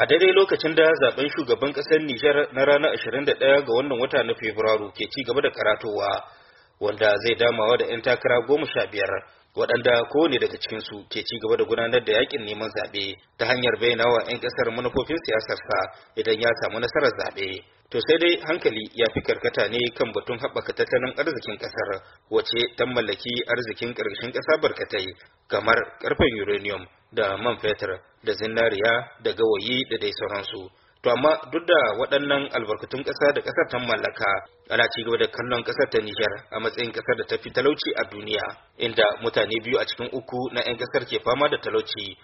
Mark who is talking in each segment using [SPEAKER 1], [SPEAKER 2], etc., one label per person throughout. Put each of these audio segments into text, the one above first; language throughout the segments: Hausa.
[SPEAKER 1] A daidai lokacin da zaben shugaban ƙasar Nijar na ranar 21 ga wannan wata na Fabrairu ke ci gaba da karatowa, wanda zai damawa da 'yan takara goma sha biyar waɗanda ko ne daga cikinsu ke ci gaba da gudanar da yakin neman zaɓe ta hanyar bayyana 'yan ƙasar manufofin siyasarsa idan ya samu nasarar zaɓe. To sai dai hankali ya fi karkata ne kan batun haɓaka tattalin arzikin ƙasar wace ta mallaki arzikin ƙarshen ƙasa barkatai kamar ƙarfen uranium da man fetur da zinariya da gawayi da dai sauransu. to amma duk da waɗannan albarkatun ƙasa da ƙasar ta mallaka ana ci gaba da kallon ƙasar ta Nijar a matsayin ƙasar da ta fi talauci a duniya inda mutane biyu a cikin uku na 'yan ƙasar ke fama da talauci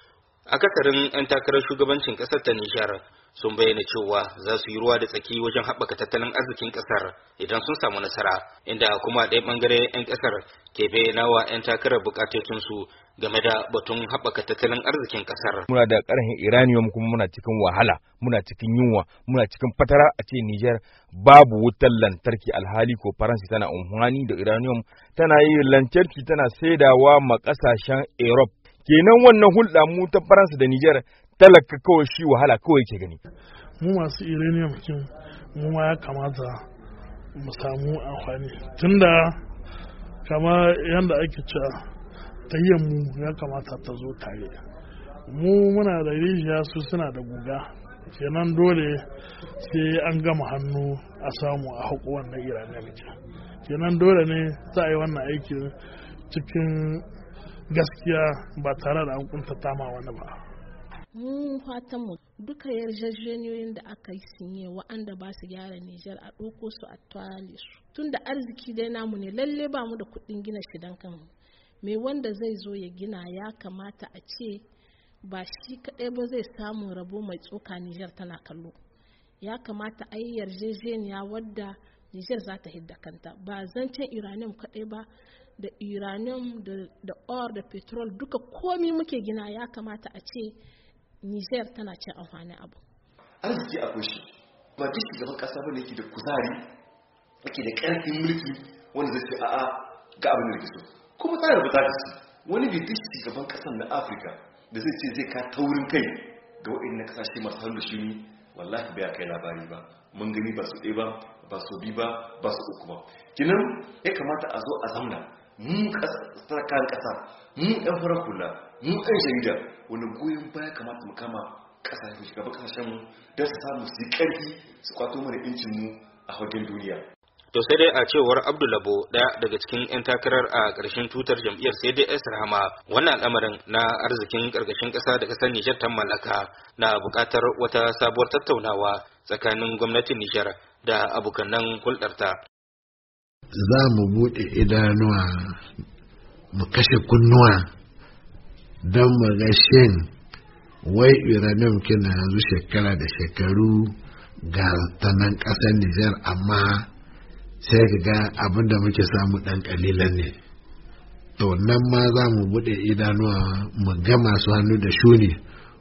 [SPEAKER 1] akasarin 'yan takarar shugabancin ƙasar ta Nijar sun bayyana cewa za su yi ruwa da tsaki wajen haɓaka tattalin arzikin ƙasar idan sun samu nasara inda kuma ɗaya ɓangare 'yan ƙasar ke bayyana wa 'yan takarar bukatocinsu game da batun haɓaka tattalin arzikin ƙasar. Muna
[SPEAKER 2] da ƙarfin Iranium kuma muna cikin wahala, muna cikin yunwa, muna cikin fatara a ce Nijar babu wutar lantarki alhali ko Faransa tana unhwani da Iranium tana yi lantarki tana saidawa ma ƙasashen Europe. Kenan wannan hulɗa mu ta Faransa da Nijar talaka kawai shi wahala kawai ke gani
[SPEAKER 3] mu masu iranian mu ma ya kamata mu samu amfani tunda kama yadda ake cewa tayyar mu ya kamata ta zo tare mu muna da rijiya su suna da guga kenan dole sai an gama hannu a samu a haƙo wannan iranian bikin kenan dole ne za a yi wannan aikin cikin gaskiya ba tare da an kuntata ma wani ba
[SPEAKER 1] mu fatan mu duka yarjejeniyoyin da aka yi sinye wa'anda ba su gyara Nijar a ɗauko su a tuwale su da arziki dai namu ne lalle ba mu da kuɗin gina shi dan kanmu me wanda zai zo ya gina ya kamata a ce ba shi kaɗai ba zai samu rabo mai tsoka Nijar tana kallo ya kamata a yi yarjejeniya wadda Nijar za ta hidda kanta ba zancen uranium kaɗai ba da uranium da or da petrol duka komi muke gina ya kamata a ce Nijar tana cin amfanin abu
[SPEAKER 2] arziki a kushi, ba duk shugaban kasa ne yake da kuzari yake da karfin mulki wanda zai ce a'a ga abin da so kuma tsarin ba ta wani da duk shugaban kasan na afirka da zai ce zai ka taurin kai ga waɗannan kasashe masu hannu shi ne wallahi bai kai labari ba mun gani ba su ɗaya ba ba su bi ba ba su uku ba kinan ya kamata a zo a zamna mu kan kasa mu ɗan farar kula mu ɗan jarida wani goyon baya kamata mu kama ƙasashen
[SPEAKER 1] shugaban ƙasashenmu don su samu su ƙarfi
[SPEAKER 2] su kwato mana mu a hudun duniya
[SPEAKER 1] to sai dai a cewar Abdullabo, ɗaya daga cikin 'yan takarar a ƙarshen tutar jam'iyyar sai dai rahama wannan al'amarin na arzikin ƙarƙashin ƙasa daga san nijar ta mallaka na buƙatar wata sabuwar tattaunawa tsakanin gwamnatin nijar da abokanan hulɗarta
[SPEAKER 3] za mu buɗe idanuwa mu kashe kunnuwa don mu ga shin wai uranium kina yanzu shekara da shekaru ga tanan ƙasar Nijar amma sai ka ga abinda muke samu ɗan ƙalilan ne. To nan ma za mu buɗe idanuwa mu ga masu hannu da shuni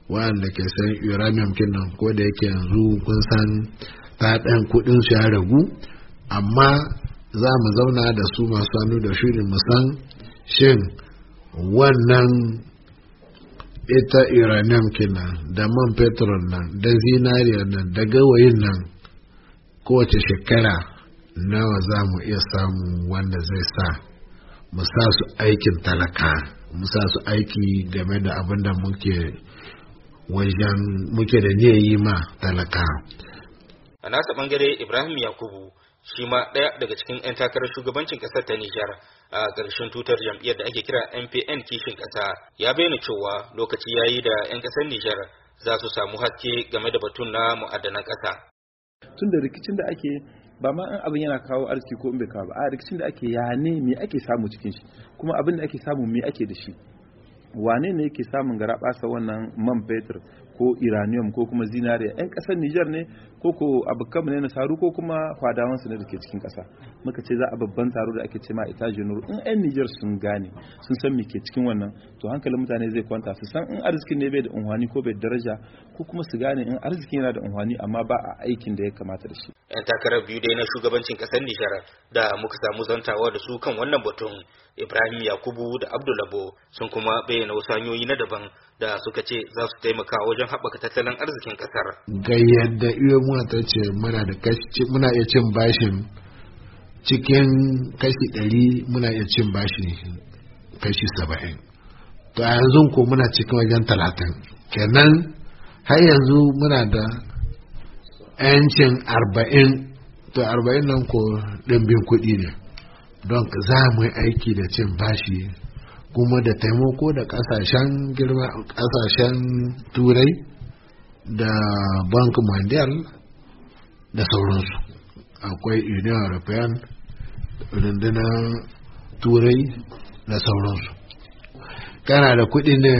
[SPEAKER 3] waɗanda ke san uranium kinan ko da yake yanzu kun san ta ɗan kuɗin su ya ragu amma za mu zauna da su masu hannu da shirin musan shin wannan ita iranium kenan da man petrol nan da zinariya nan da gawayin nan kowace shekara nawa za mu iya samu wanda zai sa mu sa su aikin talaka mu sa su aiki game da abin da muke wajen muke da ne yi ma talaka
[SPEAKER 1] a nasa bangare ibrahim yakubu shi ma ɗaya daga cikin 'yan takarar shugabancin ƙasar ta Nijar a ƙarshen tutar jam'iyyar da ake kira MPN kishin ƙasa ya bayyana cewa lokaci ya yi da 'yan ƙasar Nijar za su samu haske game da batun na mu'adanan ƙasa.
[SPEAKER 2] Tun da rikicin da ake ba ma an abin yana kawo arziki ko in bai kawo ba a rikicin da ake ya ne me ake samu cikin shi kuma abin da ake samu me ake da shi wane ne yake samun garaɓasa wannan man fetur ko iranium ko kuma zinariya yan kasar nijar ne ko ko abokan ne na saru ko kuma fadawan su ne ke cikin kasa muka ce za a babban taro da ake ce ma itaje nuru in yan nijar sun gane sun san me ke cikin wannan to hankalin mutane zai kwanta su san in arziki ne bai da unhwani ko bai daraja ko kuma su gane in arziki yana da unhwani amma ba a aikin da ya kamata da shi
[SPEAKER 1] yan takarar biyu dai na shugabancin kasar nijar da muka samu zantawa da su kan wannan batun ibrahim yakubu da abdulabo sun kuma bayyana wasu hanyoyi na daban da suka ce za su taimaka wajen haɓaka tattalin arzikin
[SPEAKER 3] ƙasar. Ga yadda iya muna ta ce muna da kashi muna iya cin bashin cikin kashi ɗari muna iya cin bashin kashi saba'in. To a yanzu ko muna cikin wajen talatin. Kenan har yanzu muna da 'yancin arba'in to arba'in nan ko ɗimbin kuɗi ne. Don za mu yi aiki da cin bashi kuma da taimako da kasashen girma kasashen turai da bank mondial da sauransu akwai union european rundunar turai da sauransu kana da kuɗi ne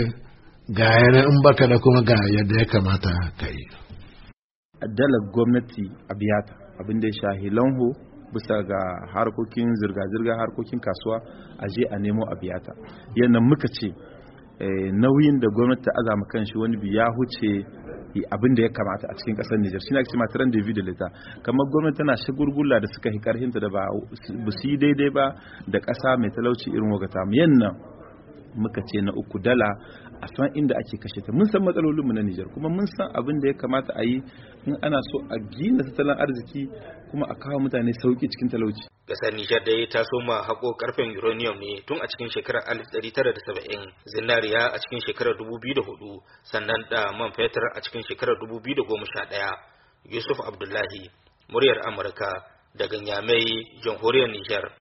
[SPEAKER 3] ga yana in baka da kuma ga yadda ya kamata ka yi
[SPEAKER 2] adalar gwamnati a biyata abin da ya shahi lanho bisa ga harkokin zirga-zirga harkokin kasuwa a je a nemo a biyata yadda muka ce eh, nauyin da gwamnati ta azama kan shi wani biya huce abinda ya kamata a cikin kasar Nijar shi ne ake cewa trend da leta kamar gwamnati tana shagurgula da suka hi karhinta da ba su yi daidai ba da ƙasa mai talauci irin wagata mu yannan muka ce na uku dala a san inda ake kashe ta mun san matsalolinmu na Nijar kuma mun san abin da ya kamata a yi in ana so a gina tattalin arziki kuma a kawo mutane sauki cikin talauci.
[SPEAKER 1] Gasar Nijar da ta soma haƙo karfen uranium ne tun a cikin shekarar da saba'in, zinariya a cikin shekarar 2004, sannan da man fetur a cikin shekarar sha ɗaya. Yusuf Abdullahi, muryar Amurka, daga
[SPEAKER 2] Nyamai, jamhuriyar Nijar.